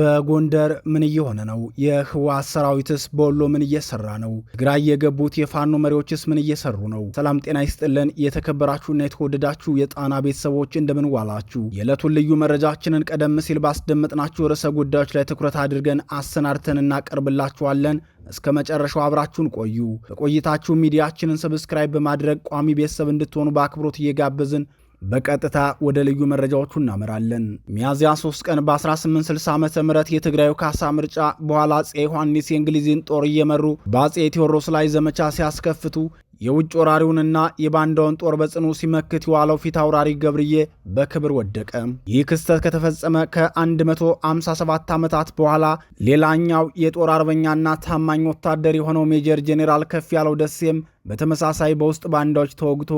በጎንደር ምን እየሆነ ነው? የህወሓት ሰራዊትስ በወሎ ምን እየሰራ ነው? ትግራይ የገቡት የፋኖ መሪዎችስ ምን እየሰሩ ነው? ሰላም ጤና ይስጥልን። የተከበራችሁና የተወደዳችሁ የጣና ቤተሰቦች እንደምንዋላችሁ። የዕለቱን ልዩ መረጃችንን ቀደም ሲል ባስደመጥናችሁ ርዕሰ ጉዳዮች ላይ ትኩረት አድርገን አሰናድተን እናቀርብላችኋለን። እስከ መጨረሻው አብራችሁን ቆዩ። በቆይታችሁ ሚዲያችንን ሰብስክራይብ በማድረግ ቋሚ ቤተሰብ እንድትሆኑ በአክብሮት እየጋበዝን በቀጥታ ወደ ልዩ መረጃዎቹ እናመራለን። ሚያዝያ 3 ቀን በ1860 ዓ ም የትግራዩ ካሳ ምርጫ በኋላ አጼ ዮሐንስ የእንግሊዝን ጦር እየመሩ በአጼ ቴዎድሮስ ላይ ዘመቻ ሲያስከፍቱ የውጭ ወራሪውንና የባንዳውን ጦር በጽኑ ሲመክት የዋለው ፊት አውራሪ ገብርዬ በክብር ወደቀ። ይህ ክስተት ከተፈጸመ ከ157 ዓመታት በኋላ ሌላኛው የጦር አርበኛና ታማኝ ወታደር የሆነው ሜጀር ጄኔራል ከፍ ያለው ደሴም በተመሳሳይ በውስጥ ባንዳዎች ተወግቶ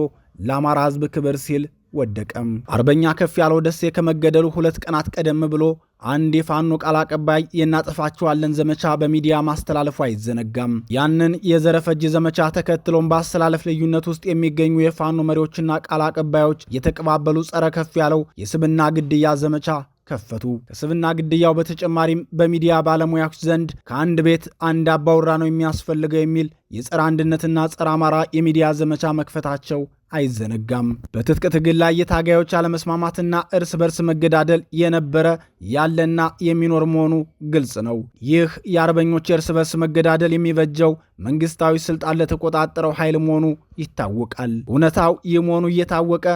ለአማራ ሕዝብ ክብር ሲል ወደቀም። አርበኛ ከፍ ያለው ደሴ ከመገደሉ ሁለት ቀናት ቀደም ብሎ አንድ የፋኖ ቃል አቀባይ የናጠፋችኋለን ዘመቻ በሚዲያ ማስተላለፉ አይዘነጋም። ያንን የዘረፈጅ ዘመቻ ተከትሎም በአስተላለፍ ልዩነት ውስጥ የሚገኙ የፋኖ መሪዎችና ቃል አቀባዮች የተቀባበሉ ጸረ ከፍ ያለው የስብና ግድያ ዘመቻ ከፈቱ። ከስብና ግድያው በተጨማሪም በሚዲያ ባለሙያዎች ዘንድ ከአንድ ቤት አንድ አባውራ ነው የሚያስፈልገው የሚል የጸረ አንድነትና ጸረ አማራ የሚዲያ ዘመቻ መክፈታቸው አይዘነጋም። በትጥቅ ትግል ላይ የታጋዮች አለመስማማትና እርስ በርስ መገዳደል የነበረ ያለና የሚኖር መሆኑ ግልጽ ነው። ይህ የአርበኞች የእርስ በርስ መገዳደል የሚበጀው መንግስታዊ ስልጣን ለተቆጣጠረው ኃይል መሆኑ ይታወቃል። እውነታው ይህ መሆኑ እየታወቀ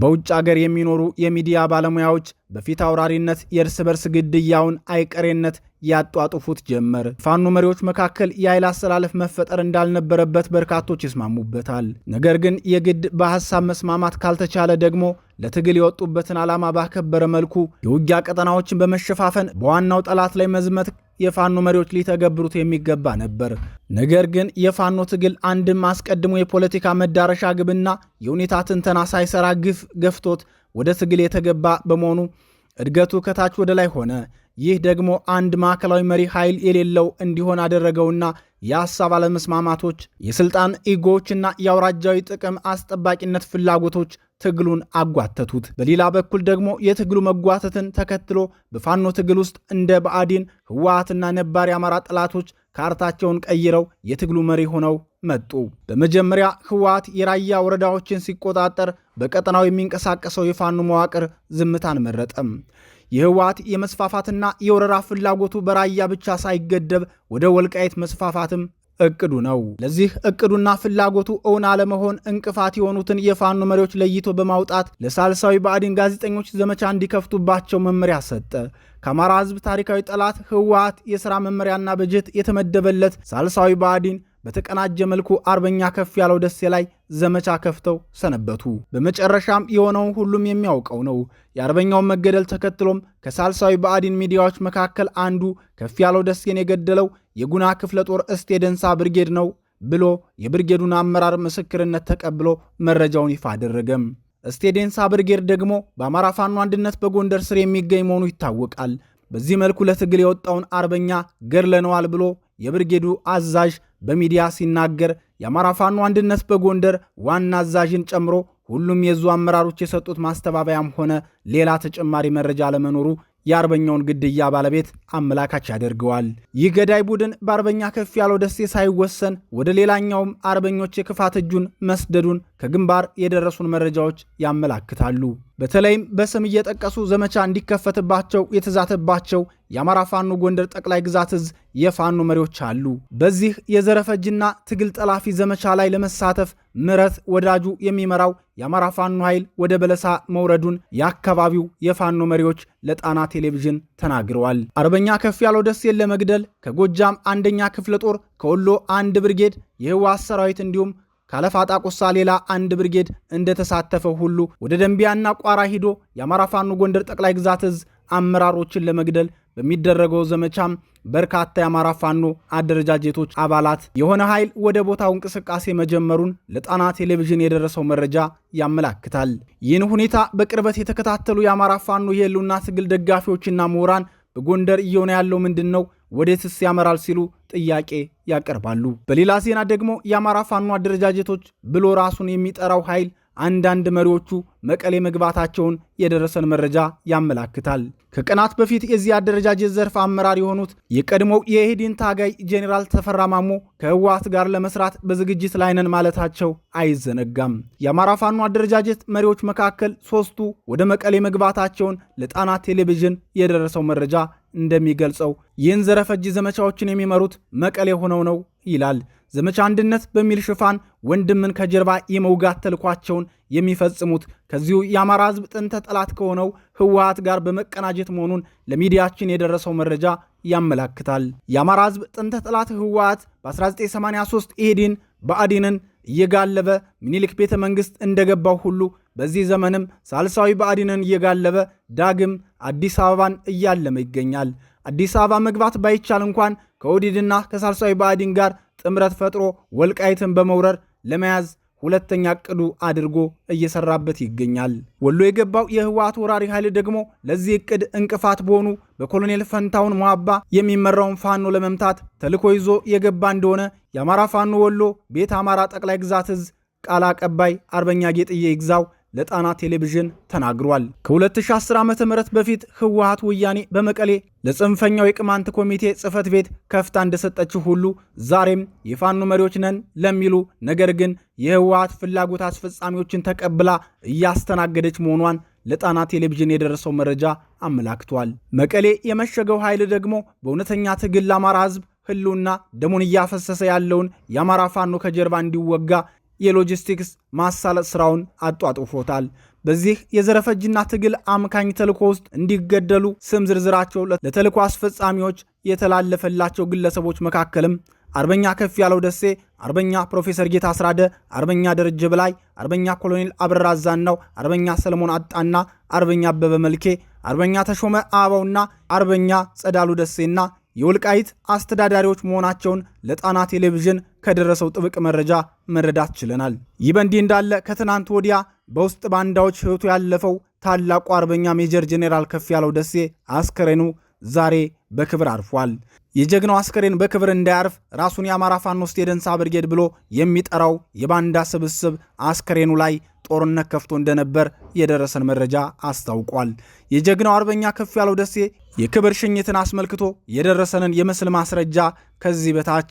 በውጭ አገር የሚኖሩ የሚዲያ ባለሙያዎች በፊት አውራሪነት የእርስ በርስ ግድያውን አይቀሬነት ያጧጡፉት ጀመር። ፋኖ መሪዎች መካከል የኃይል አሰላለፍ መፈጠር እንዳልነበረበት በርካቶች ይስማሙበታል። ነገር ግን የግድ በሐሳብ መስማማት ካልተቻለ ደግሞ ለትግል የወጡበትን ዓላማ ባከበረ መልኩ የውጊያ ቀጠናዎችን በመሸፋፈን በዋናው ጠላት ላይ መዝመት የፋኖ መሪዎች ሊተገብሩት የሚገባ ነበር። ነገር ግን የፋኖ ትግል አንድም አስቀድሞ የፖለቲካ መዳረሻ ግብና የሁኔታ ትንተና ሳይሰራ ግፍ ገፍቶት ወደ ትግል የተገባ በመሆኑ እድገቱ ከታች ወደ ላይ ሆነ። ይህ ደግሞ አንድ ማዕከላዊ መሪ ኃይል የሌለው እንዲሆን አደረገውና የሐሳብ አለመስማማቶች፣ የሥልጣን ኢጎዎችና የአውራጃዊ ጥቅም አስጠባቂነት ፍላጎቶች ትግሉን አጓተቱት። በሌላ በኩል ደግሞ የትግሉ መጓተትን ተከትሎ በፋኖ ትግል ውስጥ እንደ ብአዴን ህወሓትና ነባር የአማራ ጠላቶች ካርታቸውን ቀይረው የትግሉ መሪ ሆነው መጡ። በመጀመሪያ ህወሓት የራያ ወረዳዎችን ሲቆጣጠር በቀጠናው የሚንቀሳቀሰው የፋኖ መዋቅር ዝምታን መረጠም። የህወሓት የመስፋፋትና የወረራ ፍላጎቱ በራያ ብቻ ሳይገደብ ወደ ወልቃይት መስፋፋትም እቅዱ ነው። ለዚህ እቅዱና ፍላጎቱ እውን አለመሆን እንቅፋት የሆኑትን የፋኖ መሪዎች ለይቶ በማውጣት ለሳልሳዊ ብአዴን ጋዜጠኞች ዘመቻ እንዲከፍቱባቸው መመሪያ ሰጠ። ከአማራ ሕዝብ ታሪካዊ ጠላት ህወሓት የሥራ መመሪያና በጀት የተመደበለት ሳልሳዊ ብአዴን በተቀናጀ መልኩ አርበኛ ከፍ ያለው ደሴ ላይ ዘመቻ ከፍተው ሰነበቱ። በመጨረሻም የሆነውን ሁሉም የሚያውቀው ነው። የአርበኛውን መገደል ተከትሎም ከሳልሳዊ ብአዴን ሚዲያዎች መካከል አንዱ ከፍ ያለው ደሴን የገደለው የጉና ክፍለ ጦር እስቴ ደንሳ ብርጌድ ነው ብሎ የብርጌዱን አመራር ምስክርነት ተቀብሎ መረጃውን ይፋ አደረገም። እስቴ ደንሳ ብርጌድ ደግሞ በአማራ ፋኖ አንድነት በጎንደር ስር የሚገኝ መሆኑ ይታወቃል። በዚህ መልኩ ለትግል የወጣውን አርበኛ ገድለነዋል ብሎ የብርጌዱ አዛዥ በሚዲያ ሲናገር የአማራ ፋኖ አንድነት በጎንደር ዋና አዛዥን ጨምሮ ሁሉም የዙ አመራሮች የሰጡት ማስተባበያም ሆነ ሌላ ተጨማሪ መረጃ አለመኖሩ የአርበኛውን ግድያ ባለቤት አመላካች ያደርገዋል። ይህ ገዳይ ቡድን በአርበኛ ከፍ ያለው ደሴ ሳይወሰን ወደ ሌላኛውም አርበኞች የክፋት እጁን መስደዱን ከግንባር የደረሱን መረጃዎች ያመላክታሉ። በተለይም በስም እየጠቀሱ ዘመቻ እንዲከፈትባቸው የተዛተባቸው የአማራ ፋኖ ጎንደር ጠቅላይ ግዛት እዝ የፋኖ መሪዎች አሉ። በዚህ የዘረፈጅና ትግል ጠላፊ ዘመቻ ላይ ለመሳተፍ ምረት ወዳጁ የሚመራው የአማራ ፋኖ ኃይል ወደ በለሳ መውረዱን የአካባቢው የፋኖ መሪዎች ለጣና ቴሌቪዥን ተናግረዋል። አርበኛ ከፍ ያለው ደሴን ለመግደል ከጎጃም አንደኛ ክፍለ ጦር፣ ከወሎ አንድ ብርጌድ የህወሓት ሰራዊት እንዲሁም ካለፋጣ ቆሳ ሌላ አንድ ብርጌድ እንደተሳተፈው ሁሉ ወደ ደንቢያና ቋራ ሂዶ የአማራ ፋኖ ጎንደር ጠቅላይ ግዛት እዝ አመራሮችን ለመግደል በሚደረገው ዘመቻም በርካታ የአማራ ፋኖ አደረጃጀቶች አባላት የሆነ ኃይል ወደ ቦታው እንቅስቃሴ መጀመሩን ለጣና ቴሌቪዥን የደረሰው መረጃ ያመላክታል። ይህን ሁኔታ በቅርበት የተከታተሉ የአማራ ፋኖ የህልውና ትግል ደጋፊዎችና ምሁራን በጎንደር እየሆነ ያለው ምንድን ነው? ወዴትስ ያመራል? ሲሉ ጥያቄ ያቀርባሉ። በሌላ ዜና ደግሞ የአማራ ፋኖ አደረጃጀቶች ብሎ ራሱን የሚጠራው ኃይል አንዳንድ መሪዎቹ መቀሌ መግባታቸውን የደረሰን መረጃ ያመላክታል። ከቀናት በፊት የዚህ አደረጃጀት ዘርፍ አመራር የሆኑት የቀድሞው የኢህዴን ታጋይ ጄኔራል ተፈራ ማሞ ከህወሓት ጋር ለመስራት በዝግጅት ላይ ነን ማለታቸው አይዘነጋም። የአማራ ፋኖ አደረጃጀት መሪዎች መካከል ሶስቱ ወደ መቀሌ መግባታቸውን ለጣና ቴሌቪዥን የደረሰው መረጃ እንደሚገልጸው ይህን ዘረፈጅ ዘመቻዎችን የሚመሩት መቀሌ ሆነው ነው ይላል። ዘመቻ አንድነት በሚል ሽፋን ወንድምን ከጀርባ የመውጋት ተልኳቸውን የሚፈጽሙት ከዚሁ የአማራ ሕዝብ ጥንተ ጠላት ከሆነው ህወሀት ጋር በመቀናጀት መሆኑን ለሚዲያችን የደረሰው መረጃ ያመላክታል። የአማራ ሕዝብ ጥንተ ጠላት ህወሀት በ1983 ኢህዴን በአዲንን እየጋለበ ሚኒሊክ ቤተ መንግሥት እንደገባው ሁሉ በዚህ ዘመንም ሳልሳዊ በአዲንን እየጋለበ ዳግም አዲስ አበባን እያለመ ይገኛል። አዲስ አበባ መግባት ባይቻል እንኳን ከኦዲድና ከሳልሳዊ በአዲን ጋር ጥምረት ፈጥሮ ወልቃይትን በመውረር ለመያዝ ሁለተኛ እቅዱ አድርጎ እየሰራበት ይገኛል። ወሎ የገባው የህወሓት ወራሪ ኃይል ደግሞ ለዚህ እቅድ እንቅፋት በሆኑ በኮሎኔል ፈንታውን ሟባ የሚመራውን ፋኖ ለመምታት ተልዕኮ ይዞ የገባ እንደሆነ የአማራ ፋኖ ወሎ ቤት አማራ ጠቅላይ ግዛት እዝ ቃል አቀባይ አርበኛ ጌጥዬ ይግዛው ለጣና ቴሌቪዥን ተናግሯል። ከ2010 ዓ ም በፊት ህወሀት ወያኔ በመቀሌ ለጽንፈኛው የቅማንት ኮሚቴ ጽህፈት ቤት ከፍታ እንደሰጠችው ሁሉ ዛሬም የፋኖ መሪዎች ነን ለሚሉ ነገር ግን የህወሀት ፍላጎት አስፈጻሚዎችን ተቀብላ እያስተናገደች መሆኗን ለጣና ቴሌቪዥን የደረሰው መረጃ አመላክቷል። መቀሌ የመሸገው ኃይል ደግሞ በእውነተኛ ትግል ለአማራ ህዝብ ህልውና ደሙን እያፈሰሰ ያለውን የአማራ ፋኖ ከጀርባ እንዲወጋ የሎጂስቲክስ ማሳለጥ ስራውን አጧጡፎታል። በዚህ የዘረፈጅና ትግል አምካኝ ተልኮ ውስጥ እንዲገደሉ ስም ዝርዝራቸው ለተልኮ አስፈጻሚዎች የተላለፈላቸው ግለሰቦች መካከልም አርበኛ ከፍ ያለው ደሴ፣ አርበኛ ፕሮፌሰር ጌታ አስራደ፣ አርበኛ ደረጀ በላይ፣ አርበኛ ኮሎኔል አብረራ ዛናው፣ አርበኛ ሰለሞን አጣና፣ አርበኛ አበበ መልኬ፣ አርበኛ ተሾመ አበውና አርበኛ ጸዳሉ ደሴና የወልቃይት አስተዳዳሪዎች መሆናቸውን ለጣና ቴሌቪዥን ከደረሰው ጥብቅ መረጃ መረዳት ችለናል። ይህ በእንዲህ እንዳለ ከትናንት ወዲያ በውስጥ ባንዳዎች ህይወቱ ያለፈው ታላቁ አርበኛ ሜጀር ጄኔራል ከፍ ያለው ደሴ አስከሬኑ ዛሬ በክብር አርፏል። የጀግናው አስከሬን በክብር እንዳያርፍ ራሱን የአማራ ፋኖ የደንሳ ብርጌድ ብሎ የሚጠራው የባንዳ ስብስብ አስከሬኑ ላይ ጦርነት ከፍቶ እንደነበር የደረሰን መረጃ አስታውቋል። የጀግናው አርበኛ ያለው ደሴ የክብር ሽኝትን አስመልክቶ የደረሰንን የምስል ማስረጃ ከዚህ በታች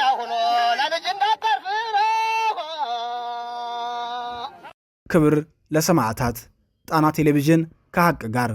ክብር ለሰማዕታት። ጣና ቴሌቪዥን ከሀቅ ጋር